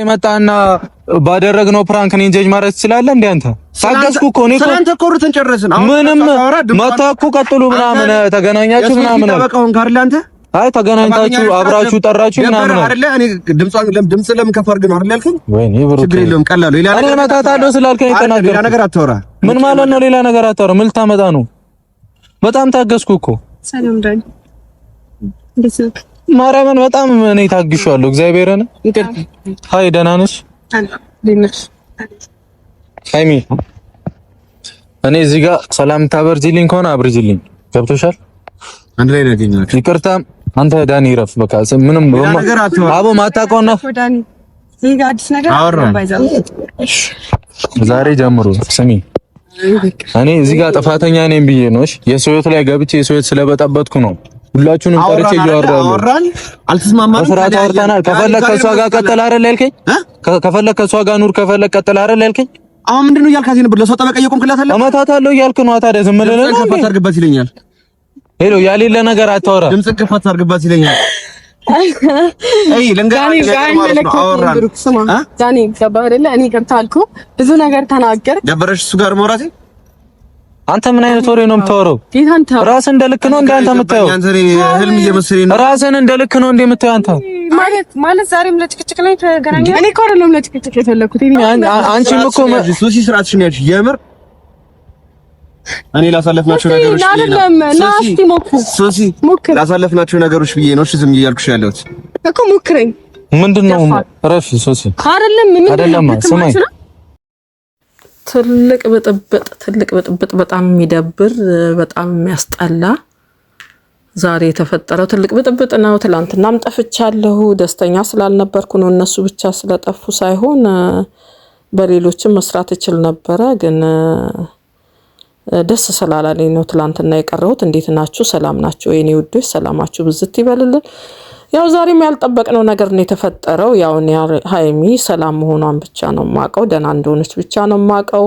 የመጣና ባደረግነው ፕራንክ እኔን ጀጅ ማድረግ ትችላለህ እንዴ? አንተ ታገዝኩ እኮ እኔ እኮ ምንም መታ እኮ ቀጥሉ ምናምን ተገናኛችሁ ምናምን አይ ተገናኝታችሁ አብራችሁ ጠራችሁ ምናምን አይደለ? እኔ ድምጿን ድምጽ ለም ከፍ አድርገን አይደል ያልከኝ? ወይኔ ብሩክ ችግር የለውም ቀላሉ ሌላ ነገር እመታታለሁ ስላልከኝ ተናገር። ሌላ ነገር አታወራ። ምን ማለት ነው? ሌላ ነገር አታወራ። ምን ልታመጣ ነው? በጣም ታገዝኩ እኮ ሰላም ዳኝ ማርያምን በጣም እኔ ታግሻለሁ። እግዚአብሔርን ሀይ፣ ደህና ነሽ ሀይሚ? እኔ እዚህ ጋር ሰላም ታበርጂልኝ ከሆነ አብርጂልኝ። ገብቶሻል? አንድ ላይ እናገኛለን። ይቅርታ አንተ ዳኒ ይረፍ። በቃ ምንም አቦ ማታውቀው ነው። ዛሬ ጀምሮ ስሚ፣ እኔ እዚህ ጋር ጥፋተኛ ነኝ ብዬ ነው የሰው ሕይወት ላይ ገብቼ የሰው ሕይወት ስለበጠበጥኩ ነው ሁላችሁንም ጠርቼ እያወራሁ አወራን፣ አልተስማማንም። ስርዓት አወርተናል። ከፈለክ ከእሷ ጋር ቀጥል አይደል ያልከኝ? ከፈለክ ከእሷ ጋር ኑር፣ ከፈለክ ቀጥል አይደል ያልከኝ? አሁን ምንድን ነው እያልክ ነበር? ለእሷ ጠበቃ እየቆምክላት አለ። እመታታለሁ እያልክ ነዋ። ታዲያ ዝም ብለህ ነው? ከፈት አድርግበት ይለኛል። ሄሎ፣ ያሌለ ነገር አታወራ። ድምፅህን ከፈት አድርግበት ይለኛል። እኔ ብዙ ነገር ተናገር። ደበረሽ እሱ ጋር ማውራቴ አንተ ምን አይነት ወሬ ነው የምታወራው? ራስን እንደ ልክ ነው እንደ የምታየው? ራስን እንደልክ ነው እንደ የምታየው አንተ ማለት ማለት ዛሬም ለጭቅጭቅ ላይ እኔ ሱሲ የምር ላሳለፍናቸው ነገሮች ሞክር ላሳለፍናቸው ነገሮች ብዬ ነው ዝም እያልኩሽ ያለሁት እኮ ሞክረኝ። ምንድን ነው ሱሲ አይደለም አይደለም ስማኝ ትልቅ ብጥብጥ ትልቅ ብጥብጥ በጣም የሚደብር በጣም የሚያስጠላ ዛሬ የተፈጠረው ትልቅ ብጥብጥ ነው። ትላንትናም ጠፍቻለሁ። ደስተኛ ስላልነበርኩ ነው። እነሱ ብቻ ስለጠፉ ሳይሆን በሌሎችም መስራት እችል ነበረ፣ ግን ደስ ስላላለኝ ነው ትላንትና የቀረሁት። እንዴት ናችሁ? ሰላም ናችሁ? የኔ ውዶች ሰላማችሁ ብዝት ይበልልን። ያው ዛሬም ያልጠበቅነው ነገር ነው የተፈጠረው። ያው ሀይሚ ሰላም መሆኗን ብቻ ነው ማቀው፣ ደህና እንደሆነች ብቻ ነው ማቀው።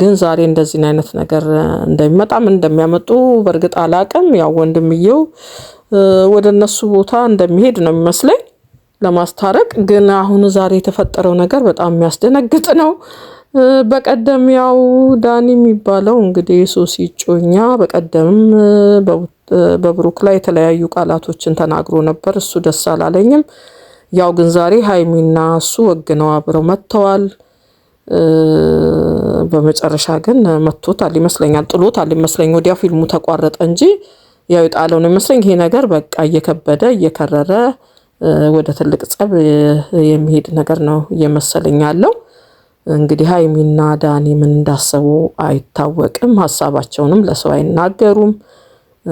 ግን ዛሬ እንደዚህን አይነት ነገር እንደሚመጣም እንደሚያመጡ በእርግጥ አላቅም። ያው ወንድምየው ወደ እነሱ ቦታ እንደሚሄድ ነው የሚመስለኝ ለማስታረቅ። ግን አሁን ዛሬ የተፈጠረው ነገር በጣም የሚያስደነግጥ ነው። በቀደም ያው ዳኒ የሚባለው እንግዲህ ሶሲ ጮኛ በቀደምም በብሩክ ላይ የተለያዩ ቃላቶችን ተናግሮ ነበር። እሱ ደስ አላለኝም። ያው ግን ዛሬ ሀይሚና እሱ ወግነው አብረው መጥተዋል። በመጨረሻ ግን መቶታል ይመስለኛል፣ ጥሎታል ይመስለኛል። ወዲያ ፊልሙ ተቋረጠ እንጂ ያው የጣለው ነው ይመስለኝ። ይሄ ነገር በቃ እየከበደ እየከረረ ወደ ትልቅ ጸብ የሚሄድ ነገር ነው እየመሰለኝ ያለው። እንግዲህ ሀይሚና ዳኒ ምን እንዳሰቡ አይታወቅም። ሀሳባቸውንም ለሰው አይናገሩም።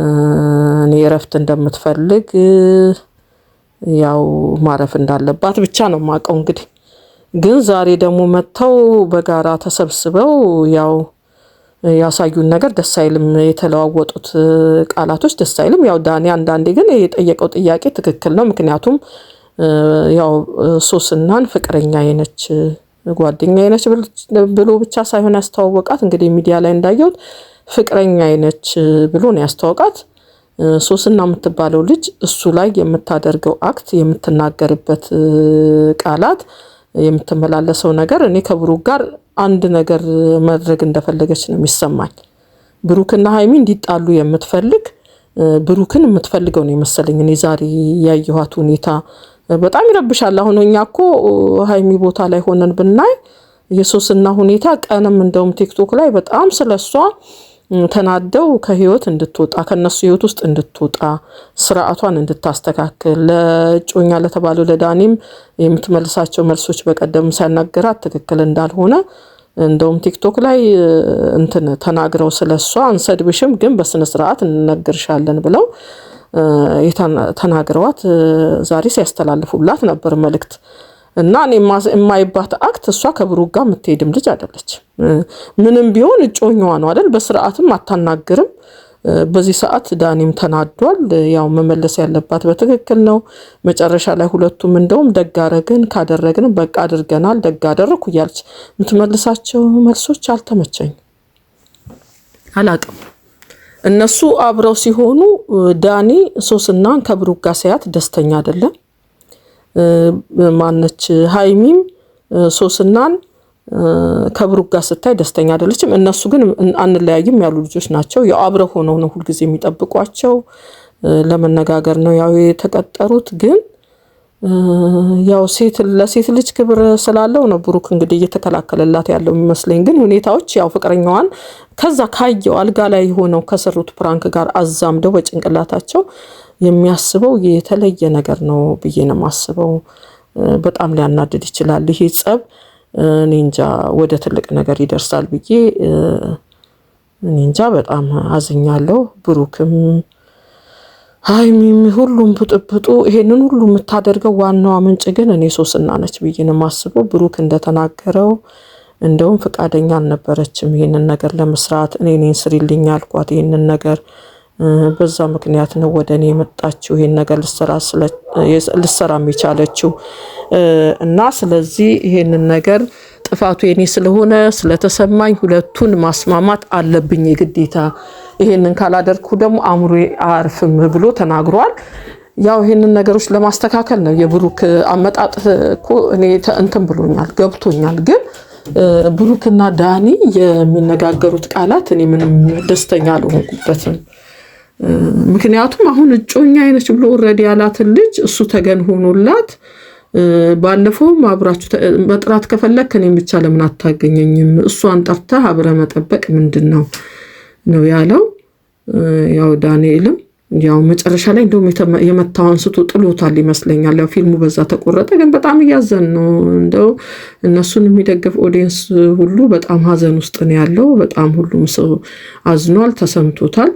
እኔ እረፍት እንደምትፈልግ ያው ማረፍ እንዳለባት ብቻ ነው የማውቀው። እንግዲህ ግን ዛሬ ደግሞ መጥተው በጋራ ተሰብስበው ያው ያሳዩን ነገር ደስ አይልም። የተለዋወጡት ቃላቶች ደስ አይልም። ያው ዳኒ አንዳንዴ ግን የጠየቀው ጥያቄ ትክክል ነው። ምክንያቱም ያው ሶስናን ፍቅረኛ ነች ጓደኛ ነች ብሎ ብቻ ሳይሆን ያስተዋወቃት እንግዲህ ሚዲያ ላይ እንዳየሁት ፍቅረኛ አይነች ብሎ ነው ያስተዋውቃት። ሶስና የምትባለው ልጅ እሱ ላይ የምታደርገው አክት፣ የምትናገርበት ቃላት፣ የምትመላለሰው ነገር እኔ ከብሩክ ጋር አንድ ነገር ማድረግ እንደፈለገች ነው የሚሰማኝ። ብሩክና ሀይሚ እንዲጣሉ የምትፈልግ ብሩክን የምትፈልገው ነው የመሰለኝ። እኔ ዛሬ ያየኋት ሁኔታ በጣም ይረብሻል። አሁን እኛ እኮ ሀይሚ ቦታ ላይ ሆነን ብናይ የሶስና ሁኔታ ቀንም እንደውም ቲክቶክ ላይ በጣም ስለሷ ተናደው ከህይወት እንድትወጣ ከነሱ ህይወት ውስጥ እንድትወጣ ስርዓቷን እንድታስተካክል ለእጮኛ ለተባለው ለዳኒም የምትመልሳቸው መልሶች በቀደም ሲያናገራት ትክክል እንዳልሆነ እንደውም ቲክቶክ ላይ እንትን ተናግረው ስለሷ አንሰድብሽም፣ ግን በስነ ስርዓት እንነግርሻለን ብለው ተናግረዋት ዛሬ ሲያስተላልፉላት ነበር መልእክት። እና እኔ የማይባት አክት እሷ ከብሩክ ጋር የምትሄድም ልጅ አይደለች። ምንም ቢሆን እጮኛዋ ነው አይደል? በስርዓትም አታናግርም። በዚህ ሰዓት ዳኒም ተናዷል። ያው መመለስ ያለባት በትክክል ነው። መጨረሻ ላይ ሁለቱም እንደውም ደጋረግን ካደረግን በቃ አድርገናል፣ ደጋ አደረኩ እያለች የምትመልሳቸው መልሶች አልተመቸኝ አላቅም እነሱ አብረው ሲሆኑ ዳኒ ሶስናን ከብሩክ ጋር ሲያት ደስተኛ አይደለም። ማነች ሀይሚም ሶስናን ከብሩክ ጋር ስታይ ደስተኛ አይደለችም። እነሱ ግን አንለያይም ያሉ ልጆች ናቸው። ያው አብረው ሆነው ነው ሁልጊዜ የሚጠብቋቸው ለመነጋገር ነው ያው የተቀጠሩት። ግን ያው ሴት ለሴት ልጅ ክብር ስላለው ነው ብሩክ እንግዲህ እየተከላከለላት ያለው የሚመስለኝ። ግን ሁኔታዎች ያው ፍቅረኛዋን ከዛ ካየው አልጋ ላይ ሆነው ከሰሩት ፕራንክ ጋር አዛምደው በጭንቅላታቸው የሚያስበው የተለየ ነገር ነው ብዬ ነው የማስበው። በጣም ሊያናድድ ይችላል ይሄ ጸብ። እኔ እንጃ ወደ ትልቅ ነገር ይደርሳል ብዬ እኔ እንጃ በጣም አዝኛለሁ። ብሩክም ሀይሚም ሁሉም ብጥብጡ ይሄንን ሁሉ የምታደርገው ዋናዋ ምንጭ ግን እኔ ሶስና ነች ብዬ ነው የማስበው። ብሩክ እንደተናገረው እንደውም ፈቃደኛ አልነበረችም ይሄንን ነገር ለመስራት። እኔ ኔን ስሪልኝ አልኳት ይሄንን ነገር በዛ ምክንያት ነው ወደ እኔ የመጣችው ይሄን ነገር ልሰራ የቻለችው እና ስለዚህ ይሄንን ነገር ጥፋቱ የኔ ስለሆነ ስለተሰማኝ ሁለቱን ማስማማት አለብኝ የግዴታ። ይሄንን ካላደርኩ ደግሞ አእምሮ አያርፍም ብሎ ተናግሯል። ያው ይህንን ነገሮች ለማስተካከል ነው የብሩክ አመጣጥ እኮ እኔ እንትን ብሎኛል፣ ገብቶኛል። ግን ብሩክና ዳኒ የሚነጋገሩት ቃላት እኔ ምንም ደስተኛ አልሆንኩበትም። ምክንያቱም አሁን እጮኛ አይነች ብሎ ወረድ ያላትን ልጅ እሱ ተገን ሆኖላት ባለፈውም አብራችሁ መጥራት ከፈለግ ከኔም ብቻ ለምን አታገኘኝም? እሷን ጠርተህ አብረ መጠበቅ ምንድን ነው ነው ያለው። ያው ዳንኤልም ያው መጨረሻ ላይ እንደውም የመታው አንስቶ ጥሎታል ይመስለኛል። ያው ፊልሙ በዛ ተቆረጠ። ግን በጣም እያዘን ነው። እንደው እነሱን የሚደግፍ ኦዲየንስ ሁሉ በጣም ሀዘን ውስጥ ነው ያለው። በጣም ሁሉም ሰው አዝኗል፣ ተሰምቶታል።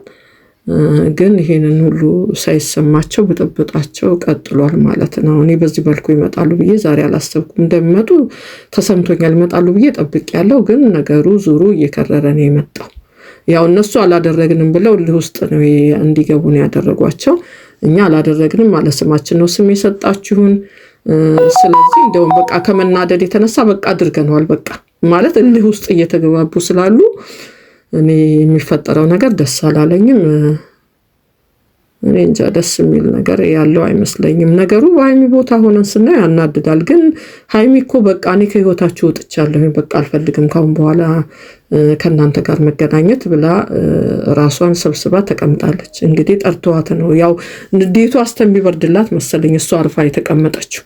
ግን ይሄንን ሁሉ ሳይሰማቸው ብጥብጣቸው ቀጥሏል ማለት ነው። እኔ በዚህ መልኩ ይመጣሉ ብዬ ዛሬ አላሰብኩም። እንደሚመጡ ተሰምቶኛል። ይመጣሉ ብዬ ያለው ግን ነገሩ ዙሩ እየከረረ ነው የመጣው። ያው እነሱ አላደረግንም ብለው እልህ ውስጥ ነው እንዲገቡ ነው ያደረጓቸው። እኛ አላደረግንም ማለት ስማችን ነው ስም የሰጣችሁን። ስለዚህ እንደውም በቃ ከመናደድ የተነሳ በቃ አድርገነዋል በቃ ማለት እልህ ውስጥ እየተገባቡ ስላሉ እኔ የሚፈጠረው ነገር ደስ አላለኝም። እኔ እንጃ ደስ የሚል ነገር ያለው አይመስለኝም። ነገሩ በሀይሚ ቦታ ሆነን ስናይ ያናድዳል። ግን ሀይሚ እኮ በቃ እኔ ከህይወታችሁ ውጥቻለሁ፣ በቃ አልፈልግም ካሁን በኋላ ከእናንተ ጋር መገናኘት ብላ ራሷን ሰብስባ ተቀምጣለች። እንግዲህ ጠርተዋት ነው ያው ንዴቱ አስተሚበርድላት መሰለኝ እሷ አርፋ የተቀመጠችው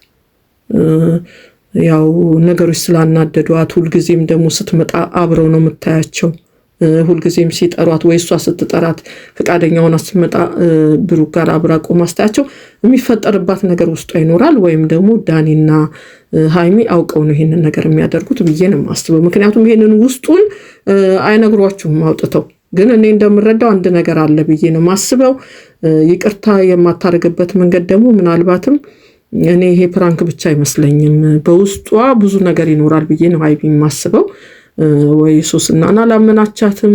ያው ነገሮች ስላናደዷት። ሁልጊዜም ደግሞ ስትመጣ አብረው ነው የምታያቸው ሁልጊዜም ሲጠሯት ወይ እሷ ስትጠራት ፈቃደኛ ሆና ስትመጣ ብሩክ ጋር አብራ ቆማ ስታያቸው የሚፈጠርባት ነገር ውስጧ ይኖራል። ወይም ደግሞ ዳኒና ሀይሚ አውቀው ነው ይሄንን ነገር የሚያደርጉት ብዬ ነው የማስበው። ምክንያቱም ይሄንን ውስጡን አይነግሯችሁም አውጥተው ግን እኔ እንደምረዳው አንድ ነገር አለ ብዬ ነው ማስበው። ይቅርታ የማታደርግበት መንገድ ደግሞ ምናልባትም እኔ ይሄ ፕራንክ ብቻ አይመስለኝም፣ በውስጧ ብዙ ነገር ይኖራል ብዬ ነው ሀይሚ የማስበው። ወይ ሱስናን ላመናቻትም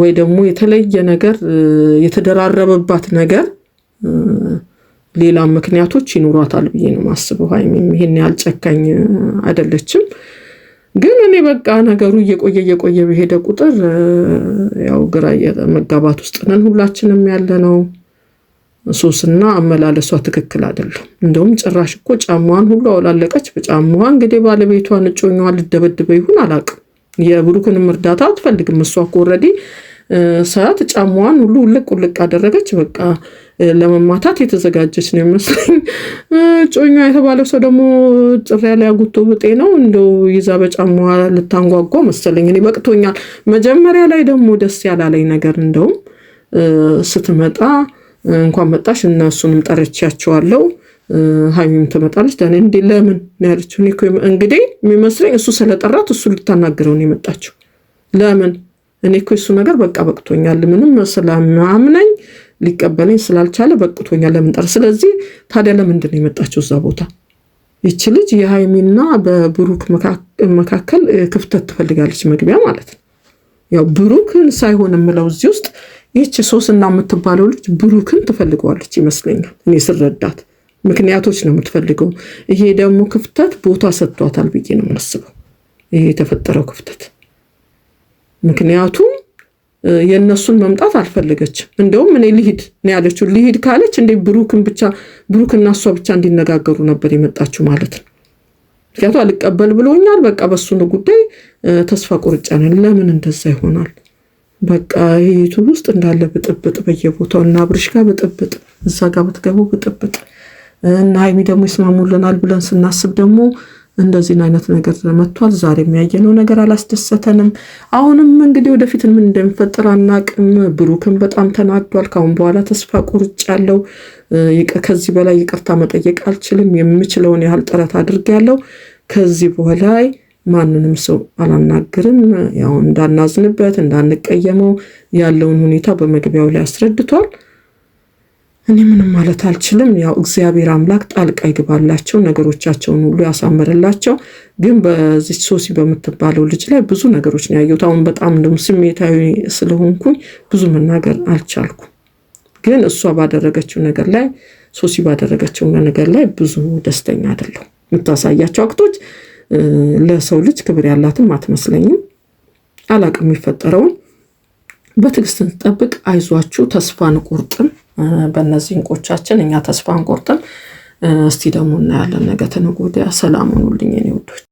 ወይ ደግሞ የተለየ ነገር የተደራረበባት ነገር ሌላ ምክንያቶች ይኖሯታል ብዬ ነው ማስበው። ሀይሚም ይሄን ያህል ጨካኝ አይደለችም። ግን እኔ በቃ ነገሩ እየቆየ እየቆየ በሄደ ቁጥር ያው ግራ መጋባት ውስጥ ነን ሁላችንም ያለ ነው። ሶስና አመላለሷ ትክክል አይደለም። እንደውም ጭራሽ እኮ ጫማዋን ሁሉ አውላለቀች። በጫማዋ እንግዲህ ባለቤቷን እጮኛዋን ልደበድበ ይሁን አላውቅም። የብሩክንም እርዳታ አትፈልግም። እሷ እኮ ኦልሬዲ ሰዓት ጫማዋን ሁሉ ውልቅ ውልቅ አደረገች። በቃ ለመማታት የተዘጋጀች ነው ይመስለኝ። ጮኛ የተባለው ሰው ደግሞ ጥሪያ ላይ አጉቶ ብጤ ነው እንደው ይዛ በጫማዋ ልታንጓጓ መሰለኝ። እኔ በቅቶኛል። መጀመሪያ ላይ ደግሞ ደስ ያላለኝ ነገር እንደውም ስትመጣ እንኳን መጣሽ እነሱንም ጠርቻቸዋለሁ ሀይሚም ትመጣለች። ዳኒ እንዴ ለምን ነው ያለችው። እኔ እኮ እንግዲህ የሚመስለኝ እሱ ስለጠራት እሱ ልታናግረው ነው የመጣችው። ለምን እኔ እኮ ነገር በቃ በቅቶኛል፣ ምንም ስለማምነኝ ሊቀበለኝ ስላልቻለ በቅቶኛል። ለምን ጠር። ስለዚህ ታዲያ ለምንድን ነው የመጣችው እዛ ቦታ? ይቺ ልጅ የሀይሚና በብሩክ መካከል ክፍተት ትፈልጋለች፣ መግቢያ ማለት ነው። ያው ብሩክን ሳይሆን የምለው እዚህ ውስጥ ይቺ ሶስና የምትባለው ልጅ ብሩክን ትፈልገዋለች ይመስለኛል እኔ ስረዳት ምክንያቶች ነው የምትፈልገው። ይሄ ደግሞ ክፍተት ቦታ ሰጥቷታል ብዬ ነው የማስበው። ይሄ የተፈጠረው ክፍተት ምክንያቱም የእነሱን መምጣት አልፈለገችም። እንደውም እኔ ልሂድ ነው ያለችው። ልሂድ ካለች እንደ ብሩክን ብቻ ብሩክና እሷ ብቻ እንዲነጋገሩ ነበር የመጣችው ማለት ነው። ምክንያቱ አልቀበል ብሎኛል፣ በቃ በሱ ነው ጉዳይ ተስፋ ቁርጫ ነን። ለምን እንደዛ ይሆናል? በቃ ይቱ ውስጥ እንዳለ ብጥብጥ በየቦታው እና አብርሽ ጋር ብጥብጥ፣ እዛ ጋር ብትገቡ ብጥብጥ እና ሀይሚ ደግሞ ይስማሙልናል ብለን ስናስብ ደግሞ እንደዚህን አይነት ነገር መጥቷል። ዛሬ የሚያየነው ነገር አላስደሰተንም። አሁንም እንግዲህ ወደፊት ምን እንደሚፈጠር አናቅም። ብሩክም በጣም ተናዷል። ካሁን በኋላ ተስፋ ያለው ከዚህ በላይ ይቅርታ መጠየቅ አልችልም፣ የምችለውን ያህል ጥረት አድርጌያለሁ፣ ከዚህ በላይ ማንንም ሰው አላናግርም። ያው እንዳናዝንበት፣ እንዳንቀየመው ያለውን ሁኔታ በመግቢያው ላይ አስረድቷል። እኔ ምንም ማለት አልችልም። ያው እግዚአብሔር አምላክ ጣልቃ ይግባላቸው፣ ነገሮቻቸውን ሁሉ ያሳምርላቸው። ግን በዚህ ሶሲ በምትባለው ልጅ ላይ ብዙ ነገሮች ነው ያየሁት። አሁን በጣም ደግሞ ስሜታዊ ስለሆንኩኝ ብዙ መናገር አልቻልኩም። ግን እሷ ባደረገችው ነገር ላይ ሶሲ ባደረገችው ነገር ላይ ብዙ ደስተኛ አይደለሁ የምታሳያቸው አክቶች ለሰው ልጅ ክብር ያላትም አትመስለኝም። አላቅም የሚፈጠረውን በትዕግስት እንጠብቅ። አይዟችሁ፣ ተስፋ አንቆርጥም። በእነዚህ እንቆቻችን እኛ ተስፋ አንቆርጥም። እስቲ ደግሞ እናያለን። ነገ ተነገ ወዲያ ሰላም ሁኑልኝ የኔ ውዶች።